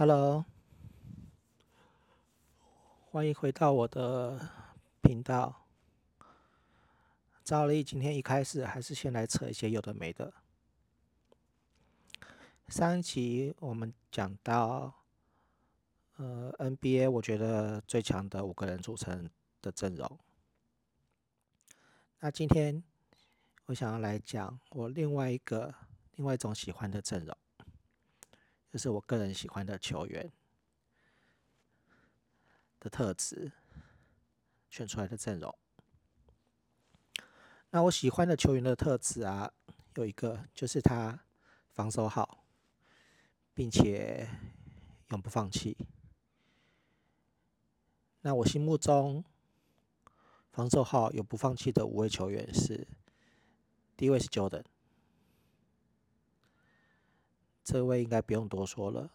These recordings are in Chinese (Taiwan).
Hello，歡迎回到我的頻道。照例今天一開始還是先來扯一些有的沒的。上一期我們講到，呃，NBA 我覺得最強的五個人組成的陣容。那今天我想要來講我另外一個另外一種喜歡的陣容。這，就是我個人喜歡的球員的特質，選出來的陣容。那我喜歡的球員的特質啊，有一個就是他防守好，並且永不放棄。那我心目中防守好又不放棄的五位球員是，第一位是 Jordan。這位應該不用多說了。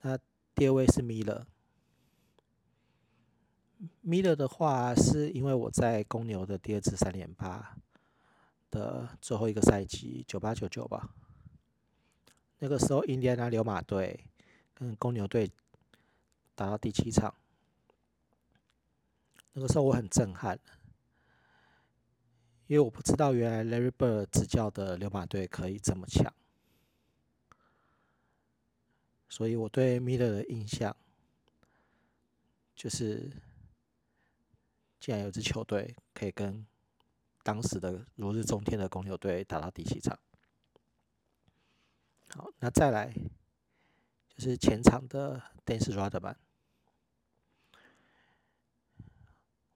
那第二位是米勒，米勒的話是因為我在公牛的第二次三連霸的最後一個賽季九八九九吧，那個時候印第安納溜馬隊跟公牛隊打到第七場，那個時候我很震撼，因為我不知道原來 Larry Bird 執教的溜馬隊可以這麼強。所以我對米勒的印象，就是竟然有支球隊可以跟當時的如日中天的公牛隊打到第七場。好，那再來就是前場的 Dennis Rodman，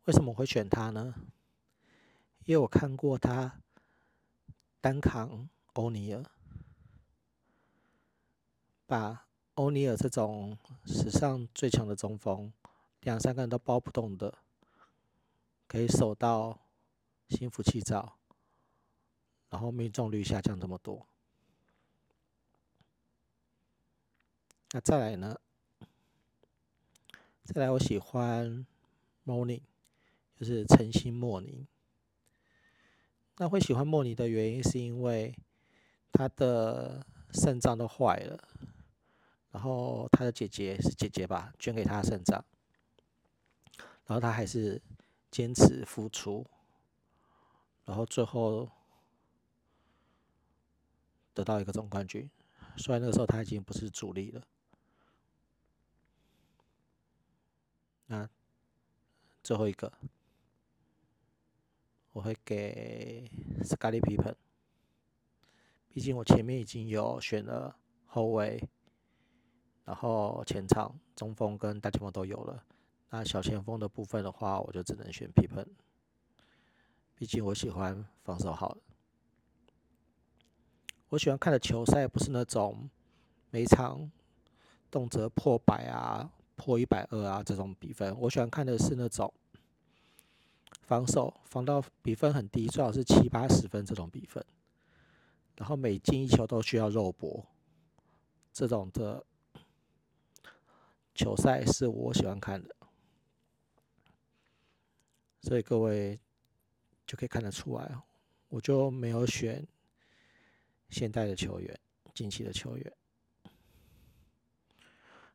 為什麼我會選他呢？因為我看過他單扛歐尼爾，把。歐尼爾這種史上最強的中鋒，兩三個人都包不動的，可以守到心浮氣躁，然後命中率下降這麼多。那再來呢？再來，我喜歡莫 g 就是晨星莫寧。那會喜歡莫寧的原因，是因為他的腎臟都壞了。然後他的姐姐是姐姐吧，捐給他的腎臟。然後他還是堅持付出，然後最後得到一個總冠軍。雖然那個時候他已經不是主力了。那最後一個我會給 Scottie Pippen，畢竟我前面已經有選了後衛。然後前場中鋒跟大前鋒都有了，那小前鋒的部分的話，我就只能選皮蓬。畢竟我喜歡防守好。我喜歡看的球賽不是那種每場動輒破百啊、破一百二啊這種比分，我喜歡看的是那種防守防到比分很低，最好是七八十分這種比分，然後每進一球都需要肉搏這種的。球賽是我喜歡看的，所以各位就可以看得出來，我就沒有選現代的球員，近期的球員。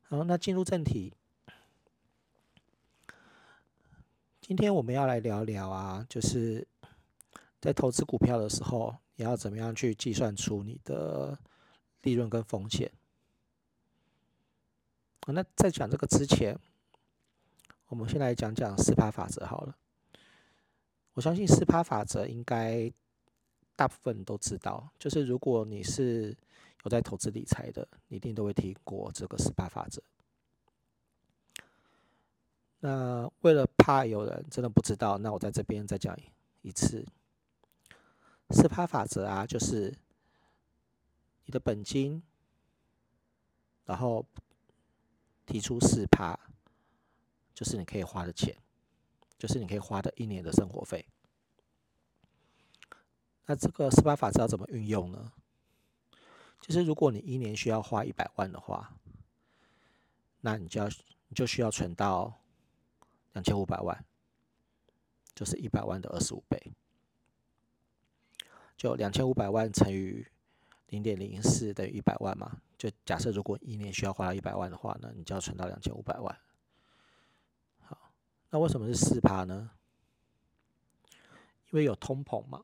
好，那進入正題，今天我們要來聊聊啊，就是在投資股票的時候，你要怎麼樣去計算出你的利潤跟風險。嗯，那在講這個之前，我們先來講講四趴法則好了。我相信四趴法則應該大部分都知道，就是如果你是有在投資理財的，你一定都會聽過這個四趴法則。那為了怕有人真的不知道，那我在這邊再講一次。四趴法則啊，就是你的本金，然後。提出四趴，就是你可以花的錢，就是你可以花的一年的生活費。那這個四趴法則要怎麼運用呢？就是如果你一年需要花一百萬的話，那你就要你就需要存到兩千五百萬，就是一百萬的二十五倍，就兩千五百萬乘以零點零四等於一百萬嘛。就假設如果一年需要花到一百萬的話呢，那你就要存到兩千五百萬。好，那為什麼是四趴呢？因為有通膨嘛。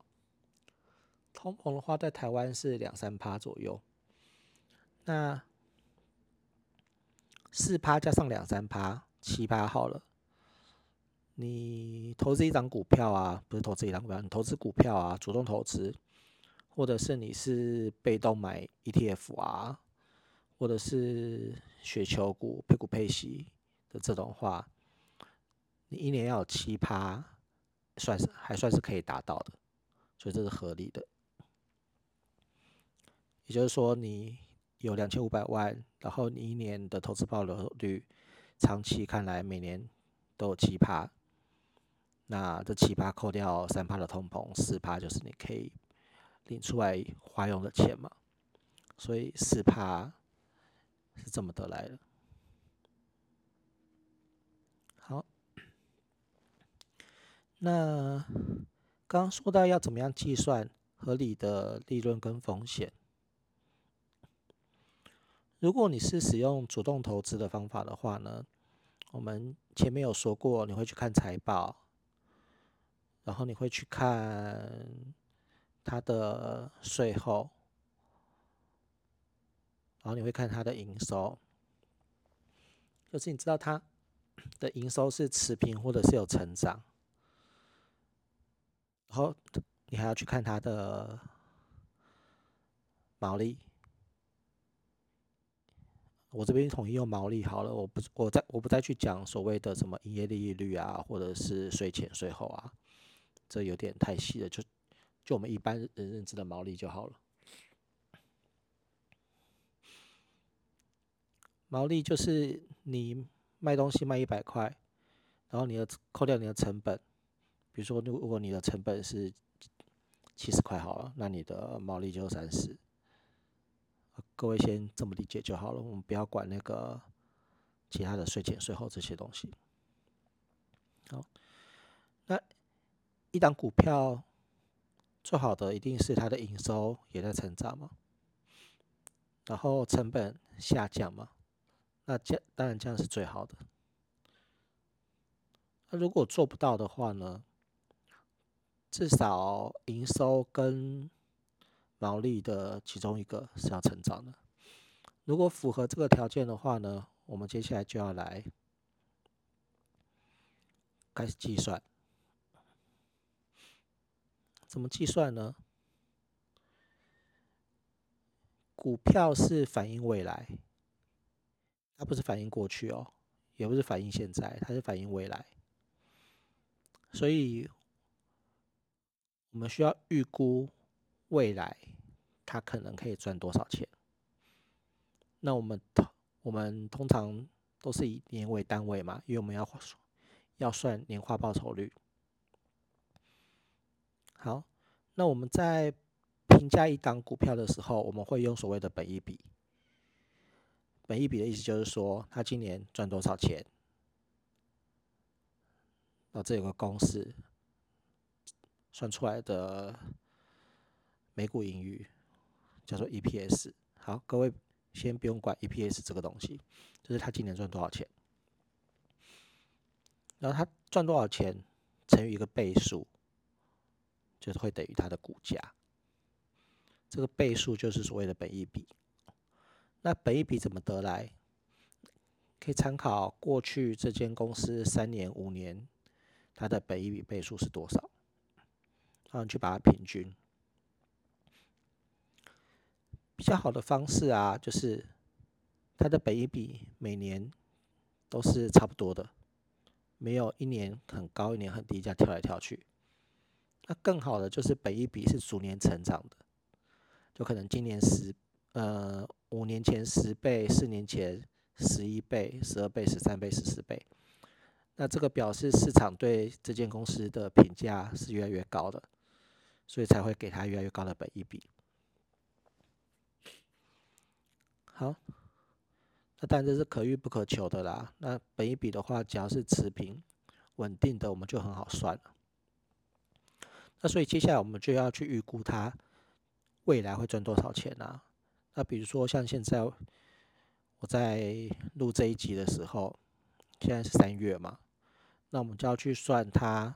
通膨的話，在台灣是兩三趴左右。那四趴加上兩三趴，七趴好了。你投資一張股票啊，不是投資一張股票，你投資股票啊，主動投資，或者是你是被動買 ETF 啊。或者是雪球股配股配息的這種話，你一年要有七趴，算是還算是可以達到的，所以這是合理的。也就是說，你有兩千五百萬，然後你一年的投資報酬率長期看來每年都有七趴，那這七趴扣掉三趴的通膨，四趴就是你可以領出來花用的錢嘛，所以四趴。是這麼得來的。好，那剛剛說到要怎麼樣計算合理的利潤跟風險，如果你是使用主動投資的方法的話呢，我們前面有說過，你會去看財報，然後你會去看它的稅後。然後你會看它的營收，就是你知道它的營收是持平或者是有成長，然後你還要去看它的毛利。我這邊統一用毛利好了，我不，我再我不再去講所謂的什麼營業利益率啊，或者是稅前稅後啊，這有點太細了，就就我們一般人認知的毛利就好了。毛利就是你賣東西賣一百塊，然後你要扣掉你的成本，比如說，如如果你的成本是七十塊，好了，那你的毛利就三十。各位先這麼理解就好了，我們不要管那個其他的稅前稅後這些東西。好，那一檔股票做好的一定是它的營收也在成長嘛，然後成本下降嘛。那這當然這樣是最好的。那如果做不到的話呢？至少營收跟毛利的其中一個是要成長的。如果符合這個條件的話呢，我們接下來就要來開始計算。怎麼計算呢？股票是反映未來。它不是反映過去哦，也不是反映現在，它是反映未來。所以，我們需要預估未來，它可能可以賺多少錢。那我們通我們通常都是以年為單位嘛，因為我們要要算年化報酬率。好，那我們在評價一檔股票的時候，我們會用所謂的本益比。本益比的意思就是說，他今年賺多少錢。那、哦、這有個公式算出來的每股盈餘叫做 EPS。好，各位先不用管 EPS 這個東西，就是他今年賺多少錢。然後他賺多少錢乘以一個倍數，就是會等於他的股價。這個倍數就是所謂的本益比。那本益比怎麼得來？可以參考過去這間公司三年、年、五年它的本益比倍數是多少，然後去把它平均。比較好的方式啊，就是它的本益比每年都是差不多的，沒有一年很高、一年很低，這樣跳來跳去。那更好的就是本益比是逐年成長的，就可能今年是呃，五年前十倍，四年前十一倍、十二倍、十三倍、十四倍。那這個表示市場對這間公司的評價是越來越高的，所以才會給他越來越高的本益比。好，那當然這是可遇不可求的啦。那本益比的話，只要是持平、穩定的，我們就很好算了。那所以接下來我們就要去預估它未來會賺多少錢啊？那比如說，像現在我在錄這一集的時候，現在是三月嘛，那我們就要去算它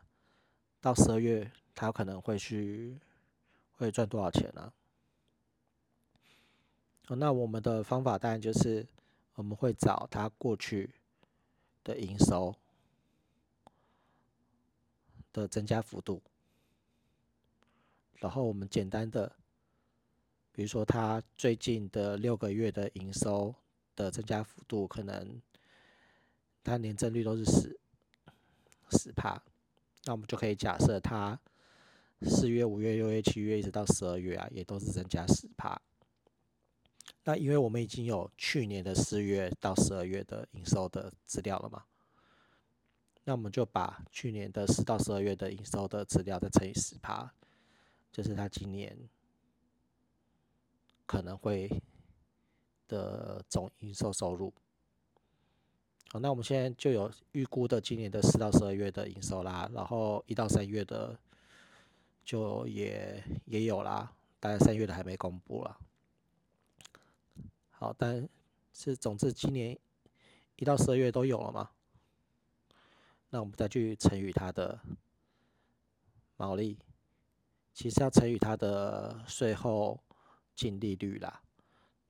到十二月，它可能會去會賺多少錢呢？啊，哦？那我們的方法當然就是我們會找它過去的營收的增加幅度，然後我們簡單的。比如說，他最近的六個月的營收的增加幅度可能，他年增率都是十，十趴，那我們就可以假設他四月、五月、六月、七月一直到十二月啊，也都是增加十趴。那因為我們已經有去年的四月到十二月的營收的資料了嘛，那我們就把去年的十到十二月的營收的資料再乘以十趴，就是他今年，可能會的總營收收入，好，那我們現在就有預估的今年的四到十二月的營收啦，然後一到三月的就也也有啦，大概三月的還沒公布啦。好，但是總之今年一到十二月都有了嘛，那我們再去乘以它的毛利，其實要乘以它的稅後淨利率啦，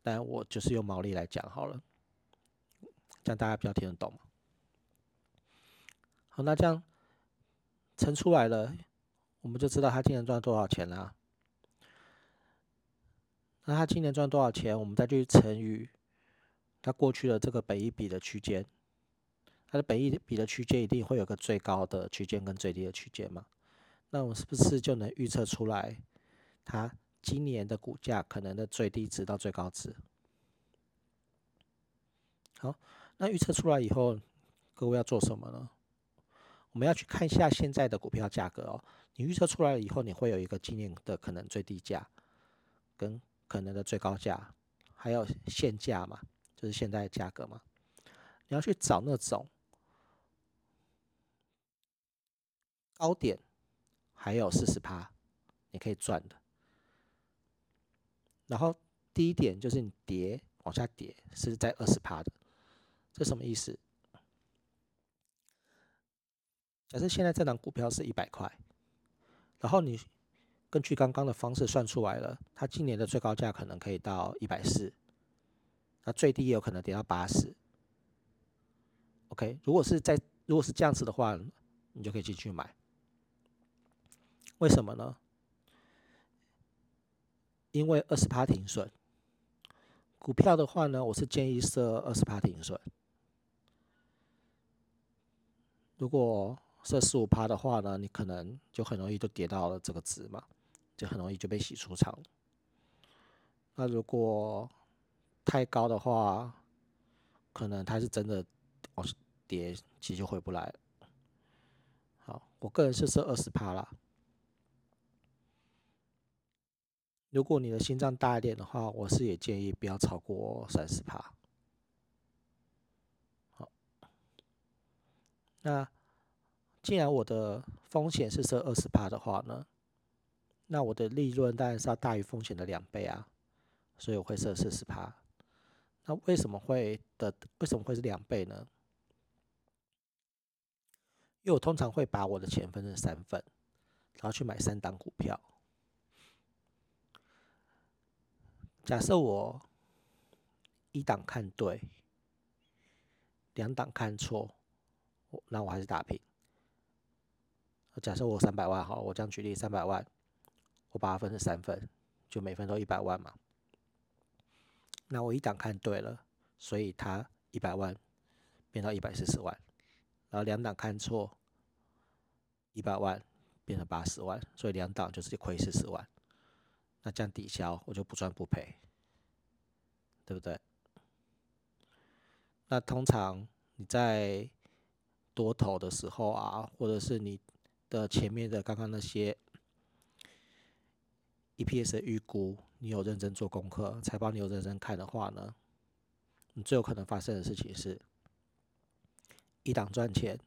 但我就是用毛利來講好了，這樣大家比較聽得懂嘛。好，那這樣乘出來了，我們就知道他今年賺多少錢啦。那他今年賺多少錢，我們再去乘以他過去的這個本益比的區間，他的本益比的區間一定會有個最高的區間跟最低的區間嘛，那我們是不是就能預測出來他今年的股價可能的最低值到最高值。好，那預測出來以後，各位要做什麼呢？我們要去看一下現在的股票價格哦。你預測出來了以後，你會有一個今年的可能最低價，跟可能的最高價，還有現價嘛，就是現在的價格嘛。你要去找那種高點還有四十趴，你可以賺的。然後第一點就是你跌，往下跌，是在二十趴的，這什麼意思？假設現在這張股票是一百塊，然後你根據剛剛的方式算出來了，它今年的最高價可能可以到一百四，那最低也有可能跌到八十。OK，如果是在如果是這樣子的話，你就可以進去買。為什麼呢？因為二十趴停損，股票的話呢，我是建議設二十趴停損。如果設十五趴的話呢，你可能就很容易就跌到了這個值嘛，就很容易就被洗出場。那如果太高的話，可能它是真的往跌，其實就回不來。好，我個人是設二十趴啦。如果你的心臟大一點的話，我是也建議不要超過三十趴。好，那既然我的風險是設二十趴的話呢，那我的利潤當然是要大於風險的兩倍啊，所以我會設四十趴。那為什麼會的？為什麼會是兩倍呢？因為我通常會把我的錢分成三份，然後去買三檔股票。假設我一檔看對，兩檔看錯，那我還是打平。假設我三百萬哈，我這樣舉例，三百萬，我把它分成三份，就每份都一百萬嘛。那我一檔看對了，所以它一百萬變到一百四十萬，然後兩檔看錯，一百萬變成八十萬，所以兩檔就是虧四十萬。那這樣抵消，我就不賺不賠，對不對？那通常你在多頭的時候啊，或者是你的前面的剛剛那些 EPS 預估，你有認真做功課，財報你有認真看的話呢，你最有可能發生的事情是一檔賺錢，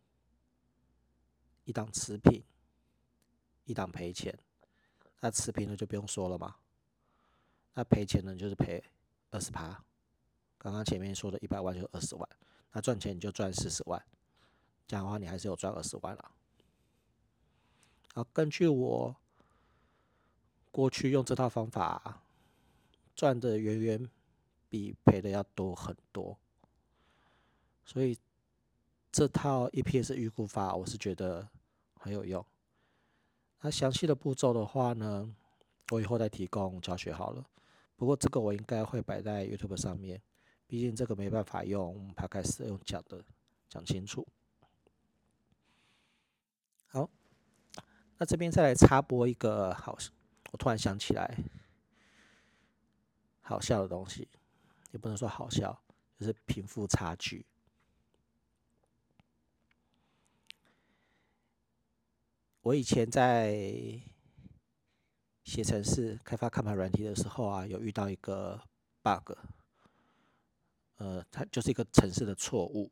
一檔持平，一檔賠錢。那持平的就不用說了嘛，那賠錢呢就是賠二十趴，剛剛前面說的一百萬就是二十萬，那賺錢你就賺四十萬，這樣的話你還是有賺二十萬了啊。啊，根據我過去用這套方法賺的遠遠比賠的要多很多，所以這套 EPS 預估法我是覺得很有用。那詳細的步驟的話呢，我以後再提供教學好了。不過這個我應該會擺在 YouTube 上面，畢竟這個沒辦法用 Podcast，用講的講清楚。好，那這邊再來插播一個好，我突然想起來好笑的東西，也不能說好笑，就是貧富差距。我以前在寫程式開發看盤軟體的時候啊，有遇到一個 bug，呃，它就是一個程式的錯誤。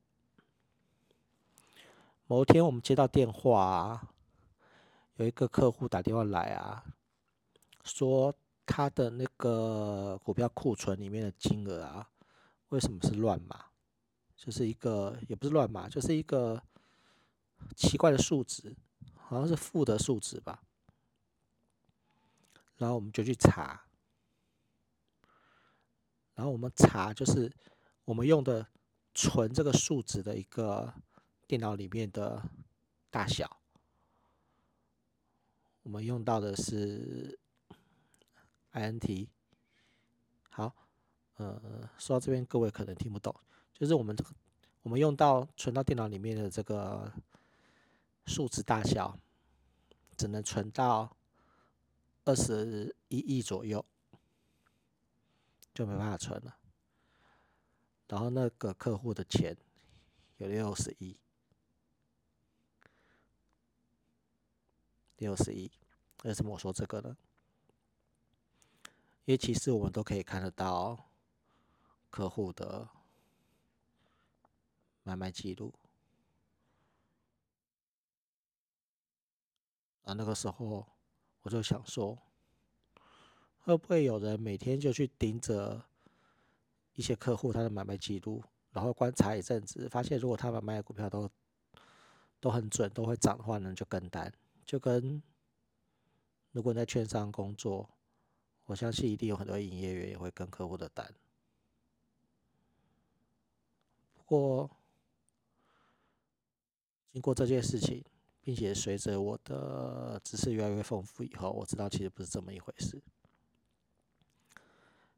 某天我們接到電話啊，有一個客戶打電話來啊，說他的那個股票庫存裡面的金額啊，為什麼是亂碼？就是一個也不是亂碼，就是一個奇怪的數值。好像是負的數值吧，然後我們就去查，然後我們查，就是我們用的存這個數值的一個電腦裡面的大小，我們用到的是 int。好，呃，說到這邊各位可能聽不懂，就是我們這個，我們用到存到電腦裡面的這個。數值大小只能存到二十一億左右，就沒辦法存了。然後那個客戶的錢有六十億，六十億。為什麼我說這個呢？因為其實我們都可以看得到客戶的買賣記錄。那個時候我就想說，會不會有人每天就去盯着一些客戶他的買賣記錄，然後觀察一陣子，發現如果他們買賣股票都都很準，都會漲的話呢，就跟單，就跟。如果你在券商工作，我相信一定有很多營業員也會跟客戶的單。不過，經過這件事情。並且隨着我的知識越來越豐富以後，我知道其實不是這麼一回事。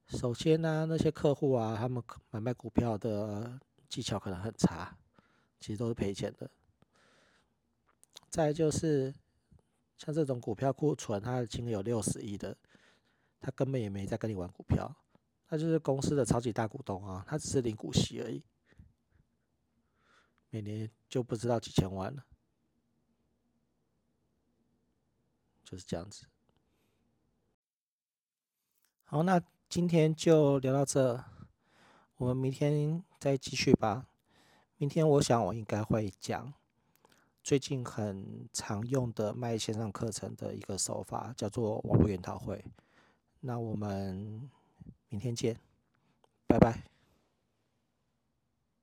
首先呢，啊，那些客戶啊，他們買賣股票的技巧可能很差，其實都是賠錢的。再來就是像這種股票庫存它已經有，它金額有六十億的，他根本也沒在跟你玩股票，他就是公司的超級大股東啊，他只是領股息而已，每年就不知道幾千萬了。就是這樣子，好，那今天就聊到這，我們明天再繼續吧。明天我想我應該會講最近很常用的賣線上課程的一個手法，叫做網絡研討會。那我們明天見，拜拜。